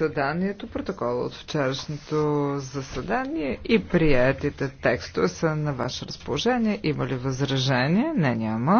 заседанието, протокола от вчерашното заседание и приятите текстове са на ваше разположение. Има ли възражение? Не, няма.